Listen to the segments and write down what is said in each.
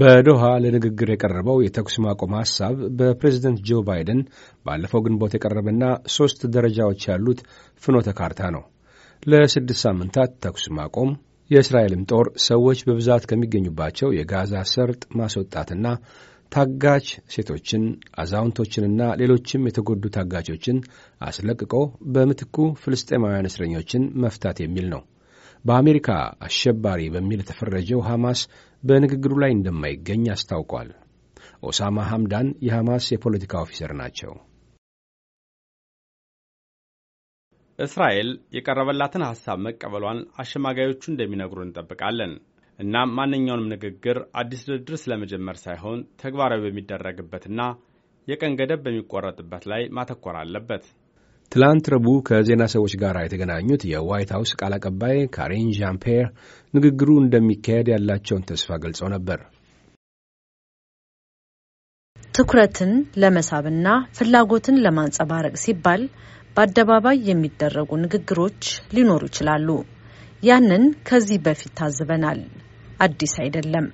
በዶሃ ለንግግር የቀረበው የተኩስ ማቆም ሐሳብ በፕሬዝደንት ጆ ባይደን ባለፈው ግንቦት የቀረበና ሦስት ደረጃዎች ያሉት ፍኖተ ካርታ ነው። ለስድስት ሳምንታት ተኩስ ማቆም፣ የእስራኤልም ጦር ሰዎች በብዛት ከሚገኙባቸው የጋዛ ሰርጥ ማስወጣትና ታጋች ሴቶችን፣ አዛውንቶችንና ሌሎችም የተጎዱ ታጋቾችን አስለቅቆ በምትኩ ፍልስጤማውያን እስረኞችን መፍታት የሚል ነው። በአሜሪካ አሸባሪ በሚል የተፈረጀው ሐማስ በንግግሩ ላይ እንደማይገኝ አስታውቋል። ኦሳማ ሐምዳን የሐማስ የፖለቲካ ኦፊሰር ናቸው። እስራኤል የቀረበላትን ሐሳብ መቀበሏን አሸማጋዮቹ እንደሚነግሩ እንጠብቃለን። እናም ማንኛውንም ንግግር አዲስ ድርድር ስለመጀመር ሳይሆን ተግባራዊ በሚደረግበትና የቀን ገደብ በሚቆረጥበት ላይ ማተኮር አለበት። ትላንት ረቡዕ ከዜና ሰዎች ጋር የተገናኙት የዋይት ሀውስ ቃል አቀባይ ካሪን ዣምፔር ንግግሩ እንደሚካሄድ ያላቸውን ተስፋ ገልጸው ነበር። ትኩረትን ለመሳብና ፍላጎትን ለማንጸባረቅ ሲባል በአደባባይ የሚደረጉ ንግግሮች ሊኖሩ ይችላሉ። ያንን ከዚህ በፊት ታዝበናል። አዲስ አይደለም።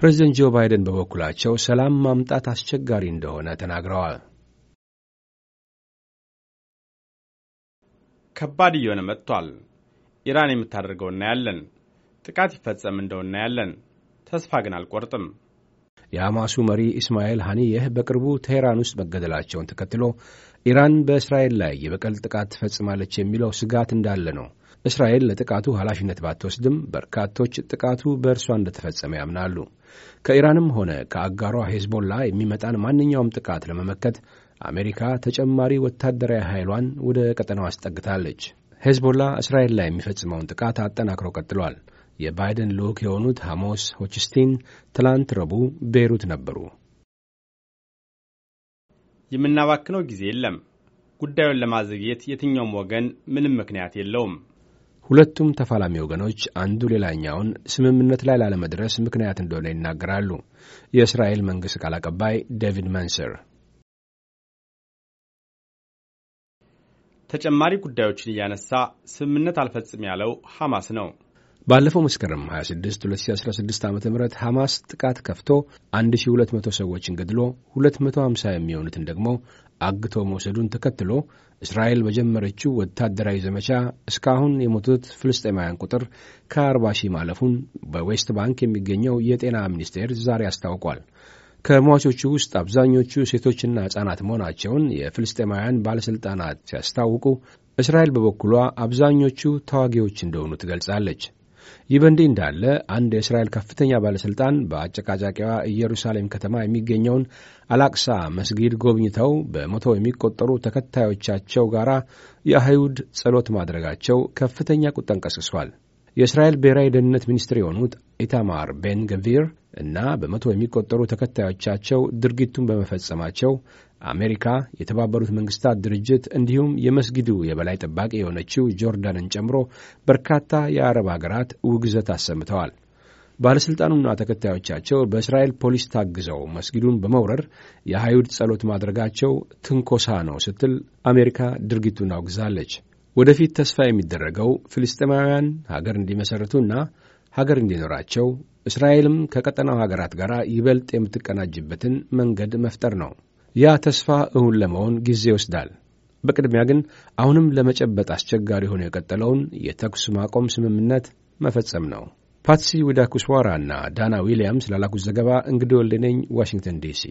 ፕሬዚደንት ጆ ባይደን በበኩላቸው ሰላም ማምጣት አስቸጋሪ እንደሆነ ተናግረዋል። ከባድ እየሆነ መጥቷል። ኢራን የምታደርገው እናያለን። ጥቃት ይፈጸም እንደው እናያለን። ተስፋ ግን አልቆርጥም። የሐማሱ መሪ ኢስማኤል ሐኒየህ በቅርቡ ቴህራን ውስጥ መገደላቸውን ተከትሎ ኢራን በእስራኤል ላይ የበቀል ጥቃት ትፈጽማለች የሚለው ስጋት እንዳለ ነው። እስራኤል ለጥቃቱ ኃላፊነት ባትወስድም በርካቶች ጥቃቱ በእርሷ እንደተፈጸመ ያምናሉ። ከኢራንም ሆነ ከአጋሯ ሄዝቦላ የሚመጣን ማንኛውም ጥቃት ለመመከት አሜሪካ ተጨማሪ ወታደራዊ ኃይሏን ወደ ቀጠናው አስጠግታለች። ሄዝቦላ እስራኤል ላይ የሚፈጽመውን ጥቃት አጠናክሮ ቀጥሏል። የባይደን ልዑክ የሆኑት ሐሞስ ሆችስቲን ትላንት ረቡዕ ቤይሩት ነበሩ። የምናባክነው ጊዜ የለም። ጉዳዩን ለማዘግየት የትኛውም ወገን ምንም ምክንያት የለውም። ሁለቱም ተፋላሚ ወገኖች አንዱ ሌላኛውን ስምምነት ላይ ላለመድረስ ምክንያት እንደሆነ ይናገራሉ። የእስራኤል መንግሥት ቃል አቀባይ ዴቪድ መንሰር ተጨማሪ ጉዳዮችን እያነሳ ስምምነት አልፈጽም ያለው ሐማስ ነው። ባለፈው መስከረም 26 2016 ዓ ም ሐማስ ጥቃት ከፍቶ 1200 ሰዎችን ገድሎ 250 የሚሆኑትን ደግሞ አግቶ መውሰዱን ተከትሎ እስራኤል በጀመረችው ወታደራዊ ዘመቻ እስካሁን የሞቱት ፍልስጤማውያን ቁጥር ከ40 ሺህ ማለፉን በዌስት ባንክ የሚገኘው የጤና ሚኒስቴር ዛሬ አስታውቋል። ከሟቾቹ ውስጥ አብዛኞቹ ሴቶችና ሕፃናት መሆናቸውን የፍልስጤማውያን ባለሥልጣናት ሲያስታውቁ፣ እስራኤል በበኩሏ አብዛኞቹ ተዋጊዎች እንደሆኑ ትገልጻለች። ይህ በእንዲህ እንዳለ አንድ የእስራኤል ከፍተኛ ባለሥልጣን በአጨቃጫቂዋ ኢየሩሳሌም ከተማ የሚገኘውን አላቅሳ መስጊድ ጎብኝተው በመቶ የሚቆጠሩ ተከታዮቻቸው ጋር የአይሁድ ጸሎት ማድረጋቸው ከፍተኛ ቁጣን ቀስቅሷል። የእስራኤል ብሔራዊ ደህንነት ሚኒስትር የሆኑት ኢታማር ቤን ገቪር እና በመቶ የሚቆጠሩ ተከታዮቻቸው ድርጊቱን በመፈጸማቸው አሜሪካ፣ የተባበሩት መንግስታት ድርጅት እንዲሁም የመስጊዱ የበላይ ጠባቂ የሆነችው ጆርዳንን ጨምሮ በርካታ የአረብ ሀገራት ውግዘት አሰምተዋል። ባለሥልጣኑና ተከታዮቻቸው በእስራኤል ፖሊስ ታግዘው መስጊዱን በመውረር የአይሁድ ጸሎት ማድረጋቸው ትንኮሳ ነው ስትል አሜሪካ ድርጊቱን አውግዛለች። ወደፊት ተስፋ የሚደረገው ፍልስጤማውያን ሀገር እንዲመሠረቱና ሀገር እንዲኖራቸው እስራኤልም ከቀጠናው ሀገራት ጋር ይበልጥ የምትቀናጅበትን መንገድ መፍጠር ነው። ያ ተስፋ እውን ለመሆን ጊዜ ይወስዳል። በቅድሚያ ግን አሁንም ለመጨበጥ አስቸጋሪ ሆኖ የቀጠለውን የተኩስ ማቆም ስምምነት መፈጸም ነው። ፓትሲ ዊዳኩስዋራ እና ዳና ዊልያምስ ላላኩት ዘገባ እንግዲህ ወልደነኝ ዋሽንግተን ዲሲ